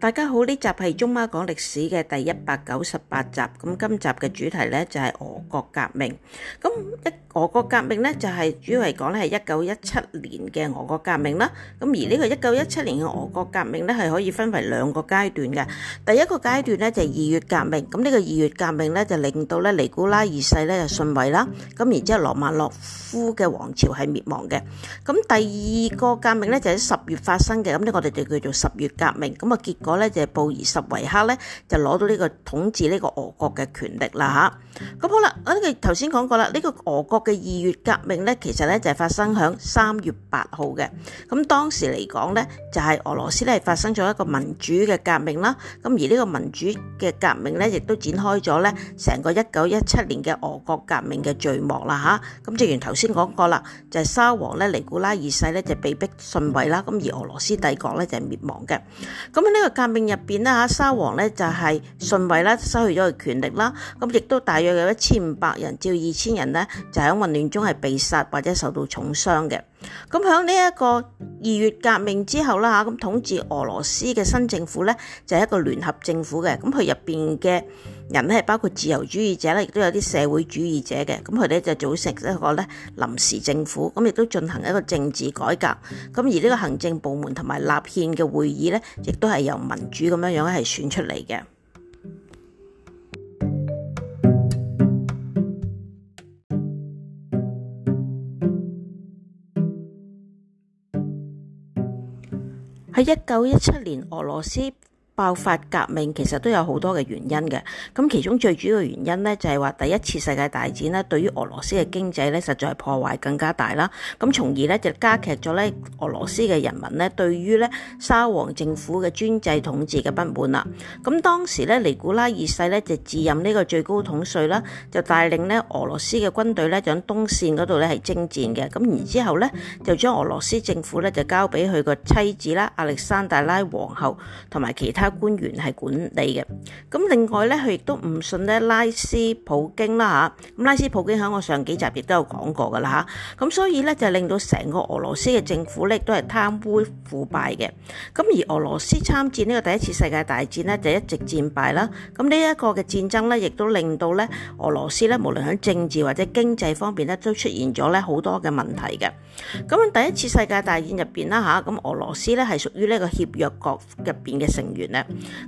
大家好，呢集係中媽講歷史嘅第一百九十八集，咁今集嘅主題咧就係俄。俄國革命，咁一俄國革命咧就係主要嚟講咧係一九一七年嘅俄國革命啦。咁而呢個一九一七年嘅俄國革命咧係可以分為兩個階段嘅。第一個階段咧就係二月革命，咁呢個二月革命咧就令到咧尼古拉二世咧就遜位啦。咁然之後羅曼諾夫嘅王朝係滅亡嘅。咁第二個革命咧就喺十月發生嘅，咁呢我哋就叫做十月革命。咁啊結果咧就係布爾什維克咧就攞到呢個統治呢個俄國嘅權力啦吓。咁好啦。我哋個頭先講過啦，呢、這個俄國嘅二月革命咧，其實咧就係發生喺三月八號嘅。咁當時嚟講咧，就係、是、俄羅斯咧係發生咗一個民主嘅革命啦。咁而呢個民主嘅革命咧，亦都展開咗咧成個一九一七年嘅俄國革命嘅序幕啦吓，咁正如頭先講過啦，就是、沙皇咧尼古拉二世咧就被逼遜位啦。咁而俄羅斯帝國咧就滅亡嘅。咁喺呢個革命入邊咧嚇，沙皇咧就係遜位啦，失去咗佢權力啦。咁亦都大約有一千五百人照二千人呢，就喺混亂中係被殺或者受到重傷嘅。咁喺呢一個二月革命之後啦吓，咁統治俄羅斯嘅新政府呢，就係一個聯合政府嘅。咁佢入邊嘅人咧係包括自由主義者咧，亦都有啲社會主義者嘅。咁佢咧就組成一個咧臨時政府，咁亦都進行一個政治改革。咁而呢個行政部門同埋立憲嘅會議呢，亦都係由民主咁樣樣係選出嚟嘅。喺一九一七年，俄羅斯爆發革命其實都有好多嘅原因嘅，咁其中最主要嘅原因呢、就是，就係話第一次世界大戰呢對於俄羅斯嘅經濟呢實在係破壞更加大啦，咁從而呢，就加劇咗呢俄羅斯嘅人民呢對於呢沙皇政府嘅專制統治嘅不滿啦。咁當時呢，尼古拉二世呢，就自任呢個最高統帥啦，就帶領呢俄羅斯嘅軍隊就喺東線嗰度呢係征戰嘅，咁然之後呢，就將俄羅斯政府呢，就交俾佢個妻子啦，亞歷山德拉皇后同埋其他，官員係管理嘅，咁另外咧，佢亦都唔信咧，拉斯普京啦吓，咁拉斯普京喺我上幾集亦都有講過噶啦吓。咁所以咧就令到成個俄羅斯嘅政府咧都係貪污腐敗嘅，咁而俄羅斯參戰呢個第一次世界大戰咧就一直戰敗啦，咁呢一個嘅戰爭咧亦都令到咧俄羅斯咧無論喺政治或者經濟方面咧都出現咗咧好多嘅問題嘅，咁第一次世界大戰入邊啦吓，咁俄羅斯咧係屬於呢個協約國入邊嘅成員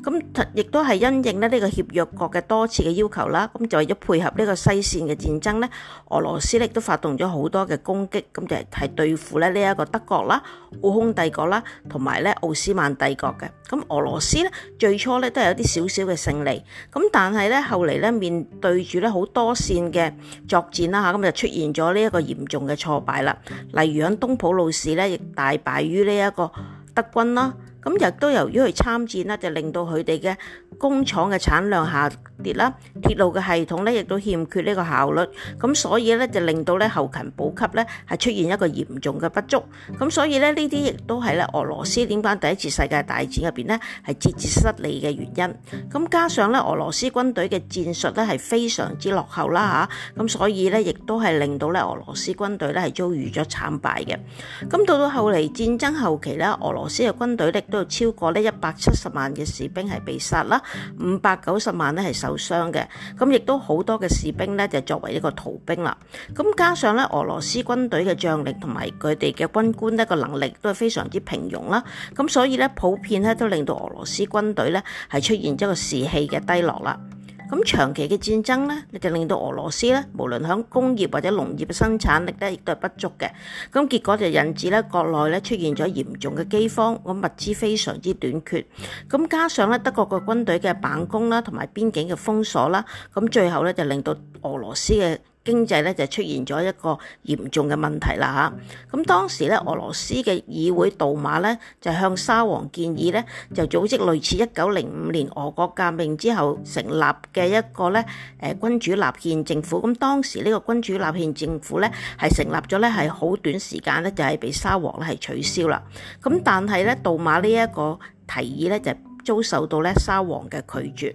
咁亦都係因應咧呢個協約國嘅多次嘅要求啦，咁就為咗配合呢個西線嘅戰爭咧，俄羅斯咧都發動咗好多嘅攻擊，咁就係對付咧呢一個德國啦、奧匈帝國啦，同埋咧奧斯曼帝國嘅。咁俄羅斯咧最初咧都有啲少少嘅勝利，咁但係咧後嚟咧面對住咧好多線嘅作戰啦嚇，咁就出現咗呢一個嚴重嘅挫敗啦。例如響東普魯士咧，亦大敗於呢一個德軍啦。咁亦都由於佢參戰啦，就令到佢哋嘅工廠嘅產量下跌啦，鐵路嘅系統咧亦都欠缺呢個效率，咁所以咧就令到咧後勤補給咧係出現一個嚴重嘅不足，咁所以咧呢啲亦都係咧俄羅斯點解第一次世界大戰入邊咧係節節失利嘅原因，咁加上咧俄羅斯軍隊嘅戰術咧係非常之落後啦吓。咁所以咧亦都係令到咧俄羅斯軍隊咧係遭遇咗慘敗嘅，咁到到後嚟戰爭後期咧，俄羅斯嘅軍隊咧。都超過呢一百七十萬嘅士兵係被殺啦，五百九十萬呢係受傷嘅，咁亦都好多嘅士兵呢就作為一個逃兵啦。咁加上呢，俄羅斯軍隊嘅將領同埋佢哋嘅軍官呢個能力都係非常之平庸啦，咁所以呢，普遍呢都令到俄羅斯軍隊呢係出現咗個士氣嘅低落啦。咁長期嘅戰爭咧，就令到俄羅斯咧，無論喺工業或者農業嘅生產力咧，亦都係不足嘅。咁結果就引致咧國內咧出現咗嚴重嘅饑荒，咁物資非常之短缺。咁加上咧德國嘅軍隊嘅板工啦，同埋邊境嘅封鎖啦，咁最後咧就令到俄羅斯嘅經濟咧就出現咗一個嚴重嘅問題啦嚇，咁當時咧俄羅斯嘅議會杜馬咧就向沙皇建議咧就組織類似一九零五年俄國革命之後成立嘅一個咧誒君主立憲政府，咁當時呢個君主立憲政府咧係成立咗咧係好短時間咧就係畀沙皇咧係取消啦，咁但係咧杜馬呢一個提議咧就遭受到咧沙皇嘅拒絕。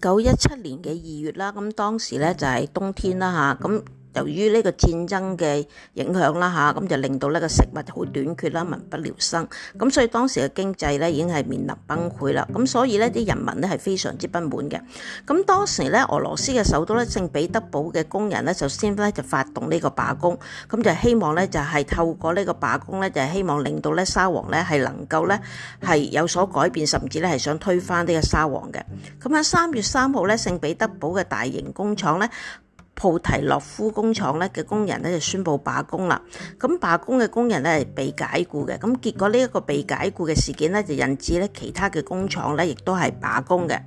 九一七年嘅二月啦，咁當時咧就係冬天啦吓咁。由於呢個戰爭嘅影響啦，吓咁就令到呢個食物好短缺啦，民不聊生。咁所以當時嘅經濟咧已經係面臨崩潰啦。咁所以呢啲人民呢係非常之不滿嘅。咁當時咧俄羅斯嘅首都咧聖彼得堡嘅工人咧就先咧就發動呢個罷工，咁就希望咧就係透過呢個罷工咧就係希望令到咧沙皇咧係能夠咧係有所改變，甚至咧係想推翻呢個沙皇嘅。咁喺三月三號咧聖彼得堡嘅大型工廠咧。普提洛夫工廠咧嘅工人咧就宣布罷工啦，咁罷工嘅工人咧係被解雇嘅，咁結果呢一個被解雇嘅事件咧就引致咧其他嘅工廠咧亦都係罷工嘅。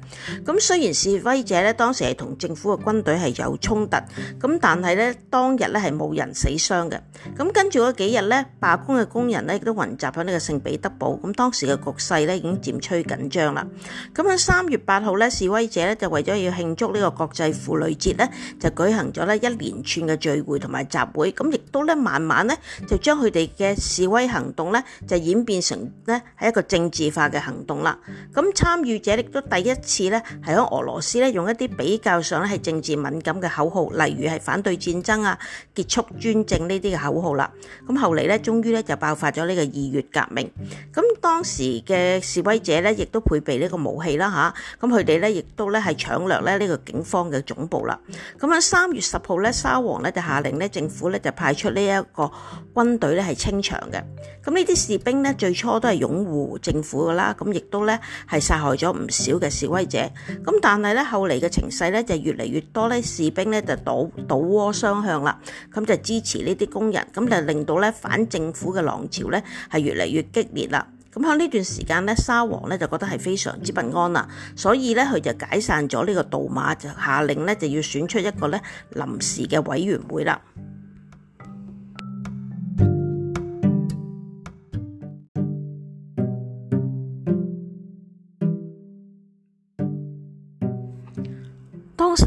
咁雖然示威者咧當時係同政府嘅軍隊係有衝突，咁但係咧當日咧係冇人死傷嘅。咁跟住嗰幾日咧，罷工嘅工人咧亦都雲集喺呢個聖彼得堡，咁當時嘅局勢咧已經漸趨緊張啦。咁喺三月八號咧，示威者咧就為咗要慶祝呢個國際婦女節咧，就舉行。行咗咧一連串嘅聚會同埋集會，咁亦都咧慢慢咧就將佢哋嘅示威行動咧就演變成咧係一個政治化嘅行動啦。咁參與者亦都第一次咧係喺俄羅斯咧用一啲比較上咧係政治敏感嘅口號，例如係反對戰爭啊、結束專政呢啲嘅口號啦。咁後嚟咧，終於咧就爆發咗呢個二月革命。咁當時嘅示威者咧亦都配備呢個武器啦，吓咁佢哋咧亦都咧係搶掠咧呢個警方嘅總部啦。咁啊三。五月十號咧，沙皇咧就下令咧，政府咧就派出呢一個軍隊咧係清場嘅。咁呢啲士兵咧最初都係擁護政府噶啦，咁亦都咧係殺害咗唔少嘅示威者。咁但係咧後嚟嘅情勢咧就越嚟越多咧，士兵咧就倒倒戈相向啦，咁就支持呢啲工人，咁就令到咧反政府嘅浪潮咧係越嚟越激烈啦。咁喺呢段時間咧，沙皇咧就覺得係非常之不安啦，所以咧佢就解散咗呢個杜馬，就下令咧就要選出一個咧臨時嘅委員會啦。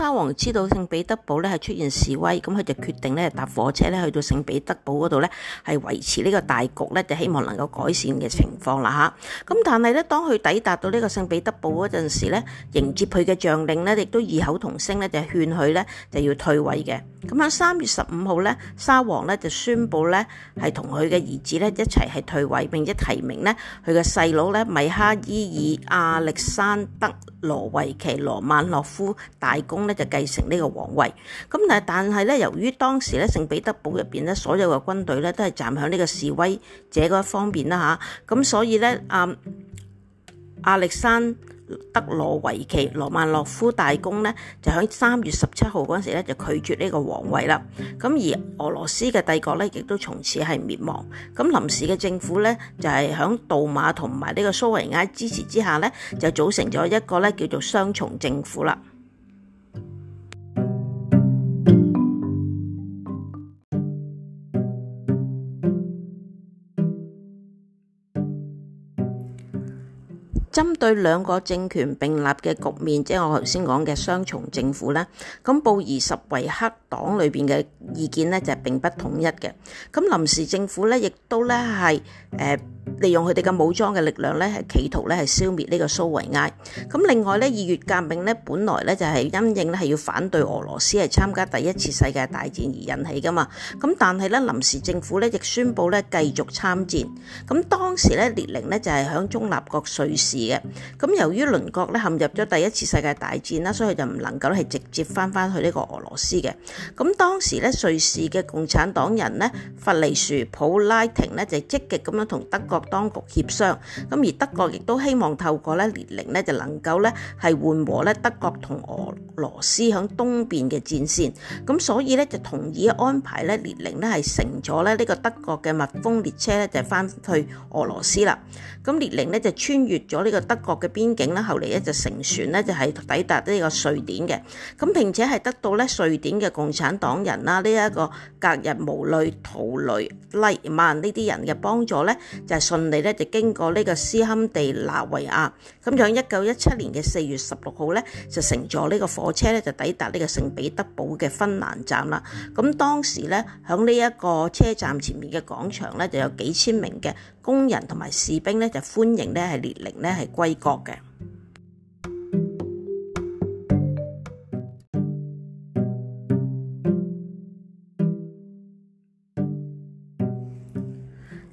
沙皇知道聖彼得堡咧係出現示威，咁佢就決定咧搭火車咧去到聖彼得堡嗰度咧，係維持呢個大局咧，就希望能夠改善嘅情況啦嚇。咁但係咧，當佢抵達到呢個聖彼得堡嗰陣時咧，迎接佢嘅將領咧，亦都異口同聲咧，就係勸佢咧就要退位嘅。咁喺三月十五號咧，沙皇咧就宣布咧係同佢嘅兒子咧一齊係退位，並且提名咧佢嘅細佬咧米哈伊爾亞歷山德羅維奇羅曼諾夫大公咧，就繼承呢個皇位。咁，但但係咧，由於當時咧，聖彼得堡入邊咧，所有嘅軍隊咧都係站喺呢個示威者一方面啦嚇，咁所以咧，阿、啊、阿力山德羅維奇羅曼諾夫大公咧就喺三月十七號嗰陣時咧就拒絕呢個皇位啦。咁而俄羅斯嘅帝國咧亦都從此係滅亡。咁臨時嘅政府咧就係喺杜馬同埋呢個蘇維埃支持之下咧，就組成咗一個咧叫做雙重政府啦。針對兩個政權並立嘅局面，即係我頭先講嘅雙重政府咧，咁布宜十維克黨裏邊嘅意見咧就是、並不統一嘅，咁臨時政府咧亦都咧係誒。呃利用佢哋嘅武裝嘅力量咧，係企圖咧係消滅呢個蘇維埃。咁另外咧，二月革命咧，本來咧就係因應咧係要反對俄羅斯係參加第一次世界大戰而引起噶嘛。咁但係咧，臨時政府咧亦宣布咧繼續參戰。咁當時咧，列寧呢就係響中立國瑞士嘅。咁由於鄰國咧陷入咗第一次世界大戰啦，所以就唔能夠係直接翻翻去呢個俄羅斯嘅。咁當時咧，瑞士嘅共產黨人咧，弗利殊普拉廷咧就積極咁樣同德國。當局協商，咁而德國亦都希望透過咧列寧咧，就能夠咧係緩和咧德國同俄羅斯響東邊嘅戰線，咁所以咧就同意安排咧列寧咧係乘咗咧呢個德國嘅密封列車咧就翻去俄羅斯啦。咁列寧咧就穿越咗呢個德國嘅邊境啦，後嚟咧就乘船咧就係抵達呢個瑞典嘅，咁並且係得到咧瑞典嘅共產黨人啦呢一個隔日無累徒累拉曼呢啲人嘅幫助咧就係嚟咧就經過呢個斯堪地納維亞，咁喺一九一七年嘅四月十六號咧，就乘坐呢個火車咧就抵達呢個聖彼得堡嘅芬蘭站啦。咁當時咧喺呢一個車站前面嘅廣場咧就有幾千名嘅工人同埋士兵咧就歡迎咧係列寧咧係歸國嘅。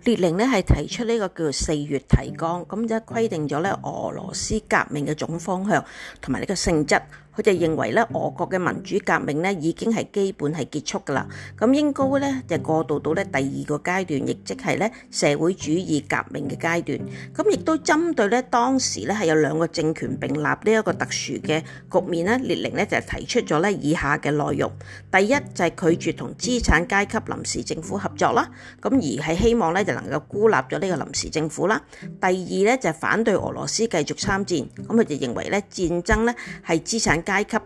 列寧呢，係提出呢個叫做四月提綱，咁即係規定咗呢俄羅斯革命嘅總方向同埋呢個性質。佢就認為咧，俄國嘅民主革命咧已經係基本係結束㗎啦。咁應該咧就過渡到咧第二個階段，亦即係咧社會主義革命嘅階段。咁亦都針對咧當時咧係有兩個政權並立呢一個特殊嘅局面咧，列寧咧就提出咗咧以下嘅內容。第一就係拒絕同資產階級臨時政府合作啦，咁而係希望咧就能夠孤立咗呢個臨時政府啦。第二咧就係反對俄羅斯繼續參戰，咁佢就認為咧戰爭咧係資產階級。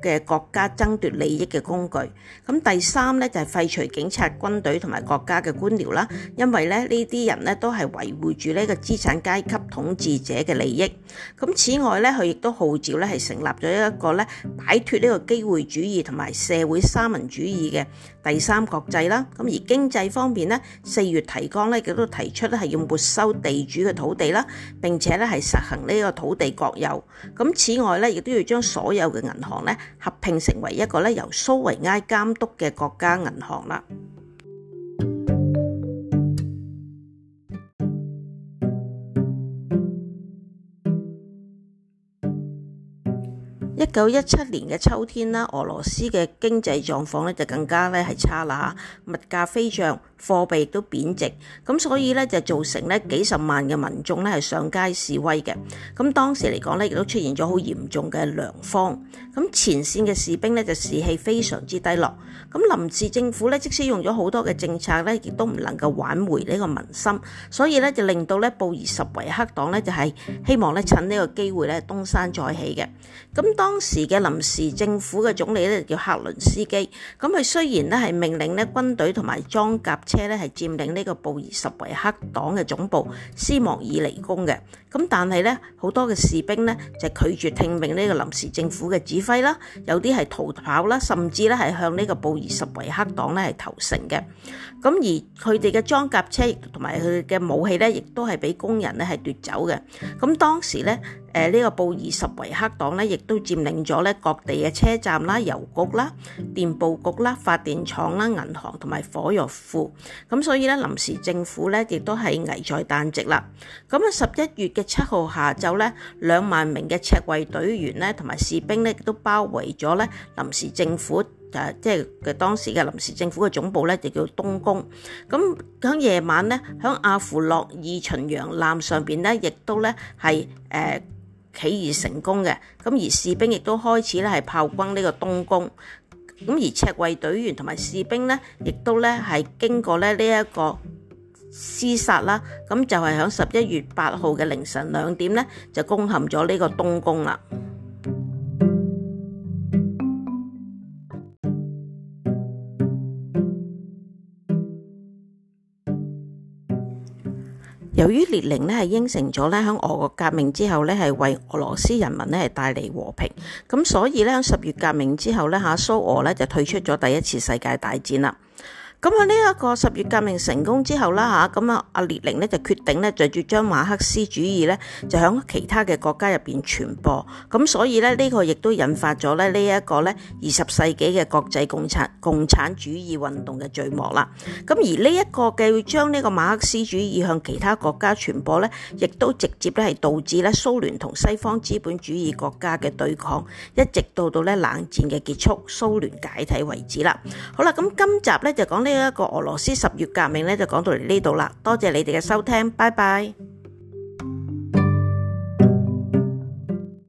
嘅國家爭奪利益嘅工具。咁第三咧就係廢除警察、軍隊同埋國家嘅官僚啦，因為咧呢啲人咧都係維護住呢個資產階級統治者嘅利益。咁此外咧，佢亦都號召咧係成立咗一個咧擺脫呢個機會主義同埋社會三民主義嘅第三國際啦。咁而經濟方面咧，四月提綱咧亦都提出咧係要沒收地主嘅土地啦，並且咧係實行呢個土地國有。咁此外咧亦都要將所有嘅銀行咧。合併成為一個咧由蘇維埃監督嘅國家銀行啦。一九一七年嘅秋天啦，俄羅斯嘅經濟狀況咧就更加咧係差啦嚇，物價飛漲，貨幣亦都貶值，咁所以咧就造成咧幾十萬嘅民眾咧係上街示威嘅，咁當時嚟講咧亦都出現咗好嚴重嘅糧荒，咁前線嘅士兵咧就士氣非常之低落，咁臨時政府咧即使用咗好多嘅政策咧，亦都唔能夠挽回呢個民心，所以咧就令到咧布爾什維克黨咧就係希望咧趁呢個機會咧東山再起嘅，咁當當時嘅臨時政府嘅總理咧叫克倫斯基，咁佢雖然呢，係命令呢軍隊同埋裝甲車呢，係佔領呢個布爾什維克黨嘅總部斯莫爾尼宮嘅，咁但係呢，好多嘅士兵呢，就拒絕聽命呢個臨時政府嘅指揮啦，有啲係逃跑啦，甚至咧係向呢個布爾什維克黨呢係投誠嘅，咁而佢哋嘅裝甲車同埋佢嘅武器呢，亦都係俾工人呢係奪走嘅，咁當時呢，誒呢個布爾什維克黨呢，亦都佔令咗咧各地嘅車站啦、郵局啦、電報局啦、發電廠啦、銀行同埋火藥庫，咁所以咧臨時政府咧亦都係危在旦夕啦。咁啊十一月嘅七號下晝咧，兩萬名嘅赤衛隊員咧同埋士兵咧都包圍咗咧臨時政府誒，即係嘅當時嘅臨時政府嘅總部咧，就叫東宮。咁響夜晚咧，響阿芙諾爾巡洋艦上邊咧，亦都咧係誒。呃起義成功嘅，咁而士兵亦都開始咧係炮轟呢個東宮，咁而赤衛隊員同埋士兵呢，亦都咧係經過咧呢一個廝殺啦，咁就係響十一月八號嘅凌晨兩點咧，就攻陷咗呢個東宮啦。由於列寧呢係應承咗呢喺俄國革命之後呢係為俄羅斯人民呢係帶嚟和平，咁所以咧喺十月革命之後呢哈蘇俄呢就退出咗第一次世界大戰啦。咁喺呢一個十月革命成功之後啦，吓咁啊，阿列寧呢就決定呢，就住將馬克思主義呢，就響其他嘅國家入邊傳播。咁所以呢，呢個亦都引發咗咧呢一個呢，二十世紀嘅國際共產共產主義運動嘅序幕啦。咁而呢一個嘅會將呢個馬克思主義向其他國家傳播呢，亦都直接咧係導致呢蘇聯同西方資本主義國家嘅對抗，一直到到呢冷戰嘅結束、蘇聯解體為止啦。好啦，咁今集呢，就講。呢一個俄羅斯十月革命咧，就講到嚟呢度啦。多謝你哋嘅收聽，拜拜。